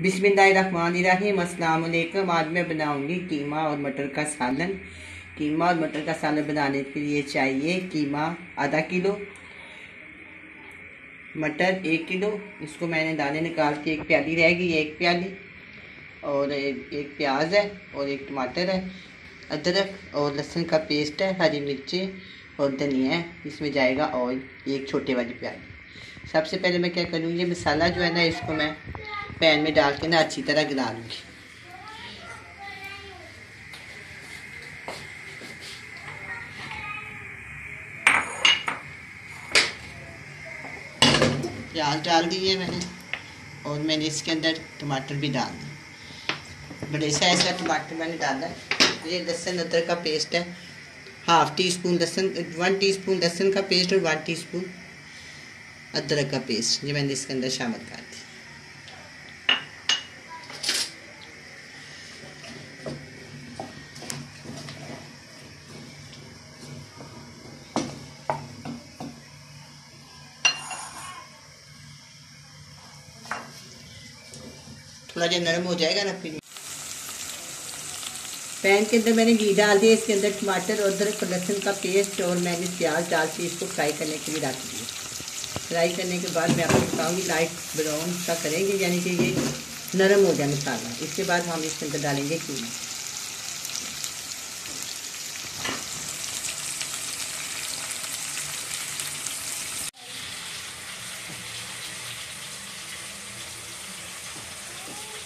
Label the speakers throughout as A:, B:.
A: अस्सलाम वालेकुम आज मैं बनाऊंगी कीमा और मटर का सालन कीमा और मटर का सालन बनाने के लिए चाहिए कीमा आधा किलो मटर एक किलो इसको मैंने दाने निकाल के एक प्याली रह गई एक प्याली और एक प्याज है और एक टमाटर है अदरक और लहसुन का पेस्ट है हरी मिर्ची और धनिया है इसमें जाएगा ऑयल एक छोटे वाली प्याली सबसे पहले मैं क्या करूँगी मसाला जो है ना इसको मैं पैन में डाल के ना अच्छी तरह गिरा लूँगी प्याज डाल दी है मैंने और मैंने इसके अंदर टमाटर भी डाल दिए बड़े साइज का टमाटर मैंने डाला है ये लहसुन अदरक का पेस्ट है हाफ टी स्पून लहसुन वन टी स्पून लहसुन का पेस्ट और वन टी स्पून अदरक का पेस्ट ये मैंने इसके अंदर शामिल कर थोड़ा जब नरम हो जाएगा ना फिर पैन के अंदर मैंने घी डाल दिया इसके अंदर टमाटर और अदरक लहसुन का पेस्ट और मैंने प्याज डाल के इसको फ्राई करने के लिए डाल दिया फ्राई करने के बाद मैं आपको बताऊँगी लाइट ब्राउन का करेंगे यानी कि ये नरम हो जाए मसाला इसके बाद हम इसके अंदर डालेंगे चूना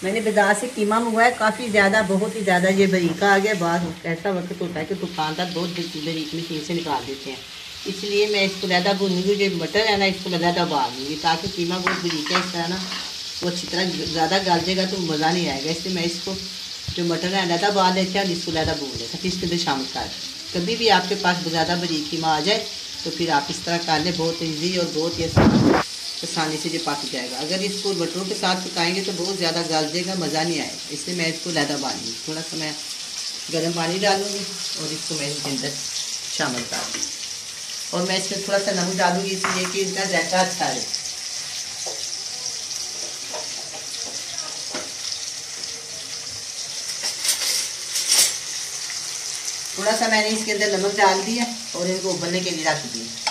A: मैंने बाजार से कीमा मंगवाया काफ़ी ज़्यादा बहुत ही ज़्यादा ये बरीका आ गया बाहर ऐसा वक्त तो होता है कि दुकानदार बहुत बरीक मशीन से निकाल देते हैं इसलिए मैं इसको लहदा भूनूंगी जो मटर है ना इसको लहदा उबाल दूँगी ताकि कीमा बहुत बरीक है इस तरह ना वो अच्छी तरह ज़्यादा गाल जाएगा तो मज़ा नहीं आएगा इसलिए मैं इसको जो मटर है लहदा उबाल लेते हैं और इसको लहदा भून लेते हैं फिर इसके अंदर शामिल कर कभी भी आपके पास ज़्यादा बरीक कीमा आ जाए तो फिर आप इस तरह कर लें बहुत ईजी और बहुत ही आसान आसानी से ये पक जाएगा अगर इसको मटरों के साथ पकाएंगे तो बहुत ज़्यादा गल जाएगा मज़ा नहीं आएगा इसलिए मैं इसको ज्यादा बांधूँगी थोड़ा सा मैं गर्म पानी डालूँगी और इसको मैं इसके अंदर शामिल कर दूँगी और मैं इसमें थोड़ा सा नमक डालूँगी इसलिए कि इसका जायका अच्छा रहे थोड़ा सा मैंने इसके अंदर नमक डाल दिया और इनको उबलने के लिए रख दिया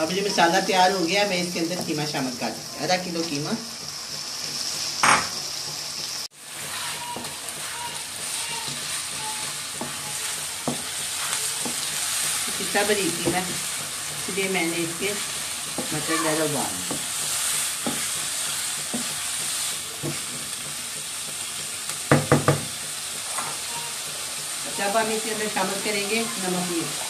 A: अब जो मसाला तैयार हो गया मैं इसके अंदर कीमा शामिल कर दी आधा किलो कीमा कितना बरीक कीमा इसलिए मैंने इसके मटर डाल उबाल जब हम इसके अंदर शामिल करेंगे नमक मिर्च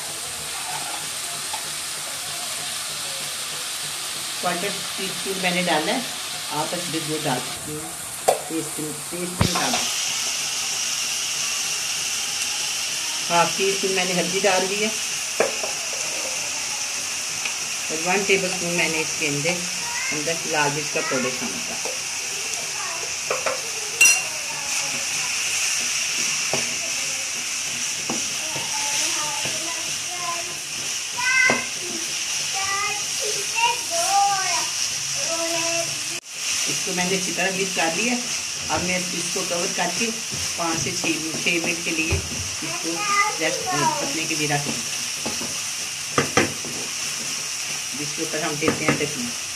A: क्वार्टर टी स्पून मैंने डाला है आप इसमें वो डाल सकते हो टेस्ट स्पून डाल हाफ टी स्पून मैंने हल्दी डाल दी है और वन टेबल स्पून मैंने इसके अंदर अंदर लाल मिर्च का पाउडर शामिल था इसको तो मैंने अच्छी तरह मिक्स कर लिया अब मैं इसको कवर करके पाँच से छः छः मिनट के लिए इसको रेस्ट पकने के लिए रख लें जिसके ऊपर हम देते हैं तकनीक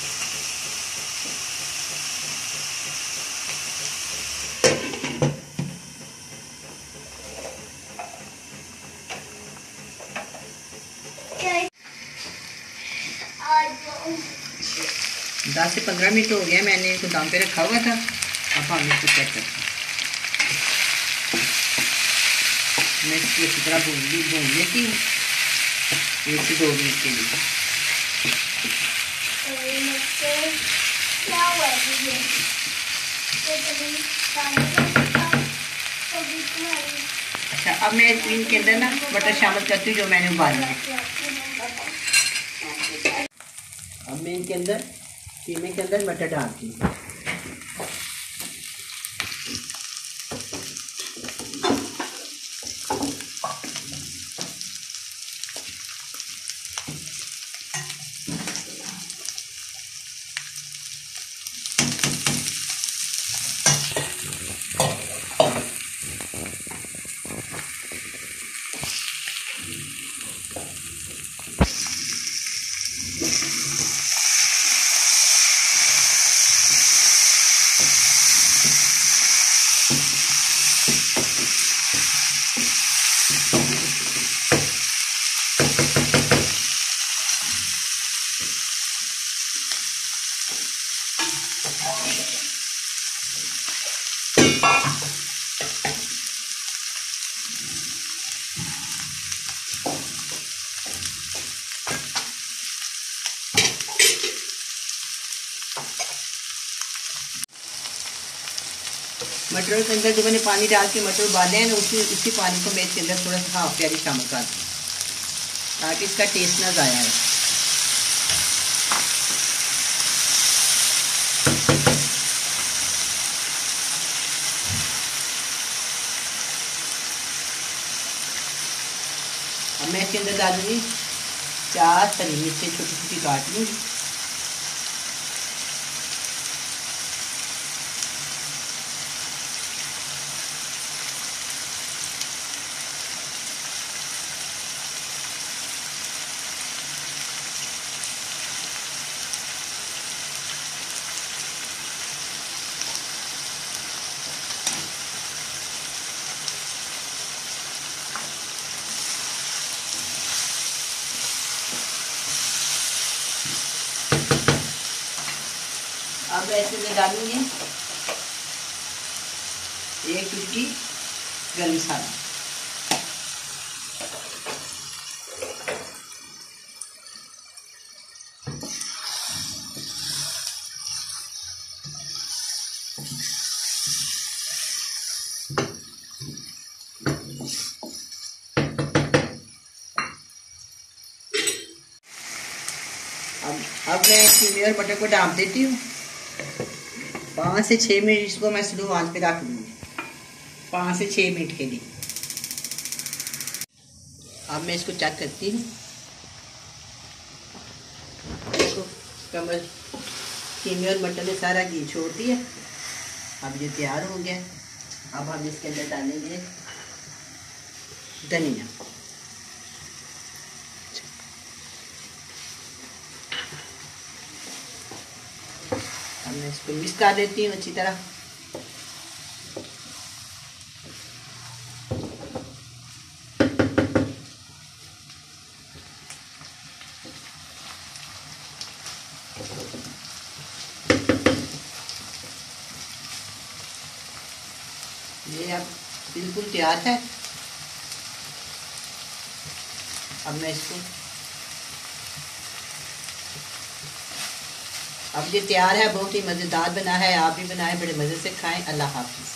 A: दस से पंद्रह मिनट हो गया मैंने इसको दाम पे रखा हुआ था अब हम इसको चेक करते हैं मैं इसको अच्छी तरह भून ली भून लेती हूँ एक से दो मिनट के लिए अच्छा अब मैं के अंदर ना बटर शामिल करती हूँ जो मैंने उबाला है अब मैं इनके अंदर कीमे के अंदर मटर डालती हूँ मटर के अंदर जो मैंने पानी डाल के मटर उबाले हैं ना उसी उसी पानी को मैं इसके अंदर थोड़ा सा हाफ प्यारी शामिल कर दूँ ताकि इसका टेस्ट ना ज़ाया है मैं इसके अंदर डालूंगी चार हरी मिर्चें छोटी छोटी काट लूँगी अब ऐसे में डालेंगे एक चुटकी गर्म मसाला अब मैं इसकी और बटर को डाल देती हूँ पाँच से छः मिनट इसको मैं स्लो आंच पे रख दूँगी पाँच से छः मिनट के लिए अब मैं इसको चेक करती हूँ देखो कमर कीमे और मटर में सारा घी छोड़ दिया अब ये तैयार हो गया अब हम इसके अंदर डालेंगे धनिया मैं इसको मिक्स कर देती हूँ अच्छी तरह ये अब बिल्कुल तैयार है अब मैं इसको अब ये तैयार है बहुत ही मज़ेदार बना है आप भी बनाएं बड़े मज़े से खाएं अल्लाह हाफिज़